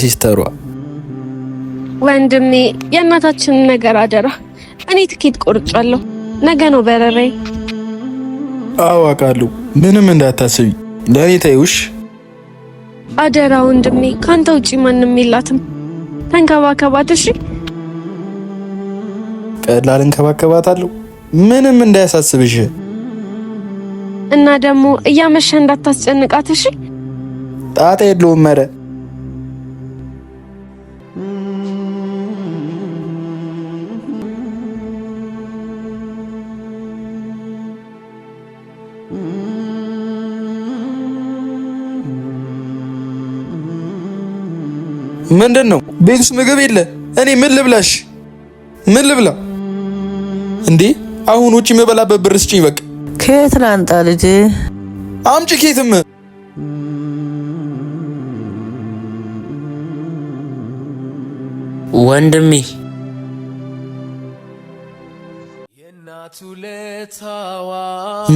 ሲስተሯ ወንድሜ የእናታችንን ነገር አደራ። እኔ ትኬት ቆርጫለሁ። ነገ ነው በረሬ። አዋቃለሁ። ምንም እንዳታስቢ፣ ለእኔ ተይውሽ። አደራ ወንድሜ፣ ከአንተ ውጪ ማንም የላትም። ተንከባከባት እሺ። ቀላል እንከባከባታለሁ። ምንም እንዳያሳስብሽ እና ደግሞ እያመሸ እንዳታስጨንቃት እሺ። ጣጣ የለውም። መረ ምንድን ነው? ቤት ውስጥ ምግብ የለ። እኔ ምን ልብላሽ? ምን ልብላ እንዴ? አሁን ውጭ የምበላበት ብር ስጪኝ። በቃ ከየት ላንጣ? ልጅ አምጪ ኬትም ወንድሜ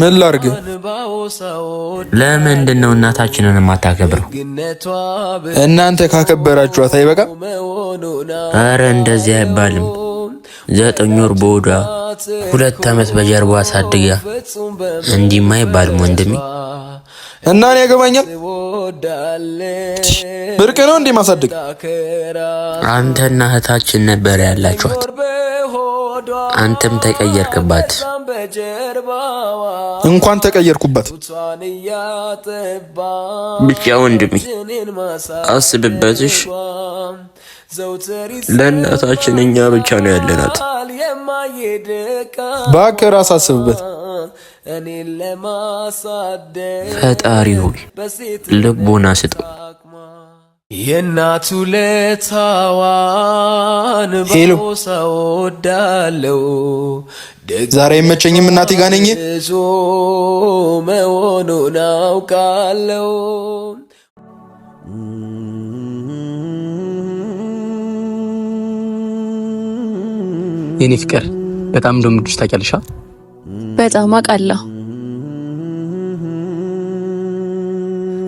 ምን ላርግ? ለምንድን ነው እናታችንን የማታከብረው? እናንተ ካከበራችኋት አይበቃ? አረ እንደዚህ አይባልም። ዘጠኝ ወር በሆዷ ሁለት ዓመት በጀርባ አሳድጋ እንዲህ አይባልም ወንድሜ። እና እኔ ያገባኛል። ብርቅ ነው እንዴ ማሳደግ? አንተና እህታችን ነበር ያላችኋት፣ አንተም ተቀየርክባት። እንኳን ተቀየርኩባት ብቻ ወንድሜ አስብበትሽ። ለእናታችን እኛ ብቻ ነው ያለናት። እባክህ አስብበት። እኔን ለማሳደግ ፈጣሪ ሆይ ልቦና ስጠው። የእናቱ ለታዋን ባሳ ወዳለው ዛሬ አይመቸኝም፣ እናቴ ነኝ መሆኑን አውቃለው። የኔ ፍቅር በጣም እንደምወድሽ ታውቂያለሽ። በጣም አውቃለሁ።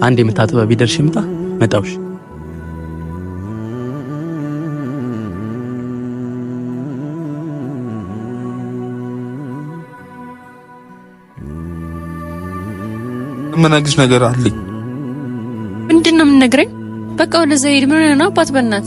አንድ የምታጥባ ቢደርሽ ምጣ መጣውሽ የምነግርሽ ነገር አለኝ። ምንድን ነው የምነግረኝ? በቃ ወደዛ ሄድ። ምን ሆነ አባት በእናት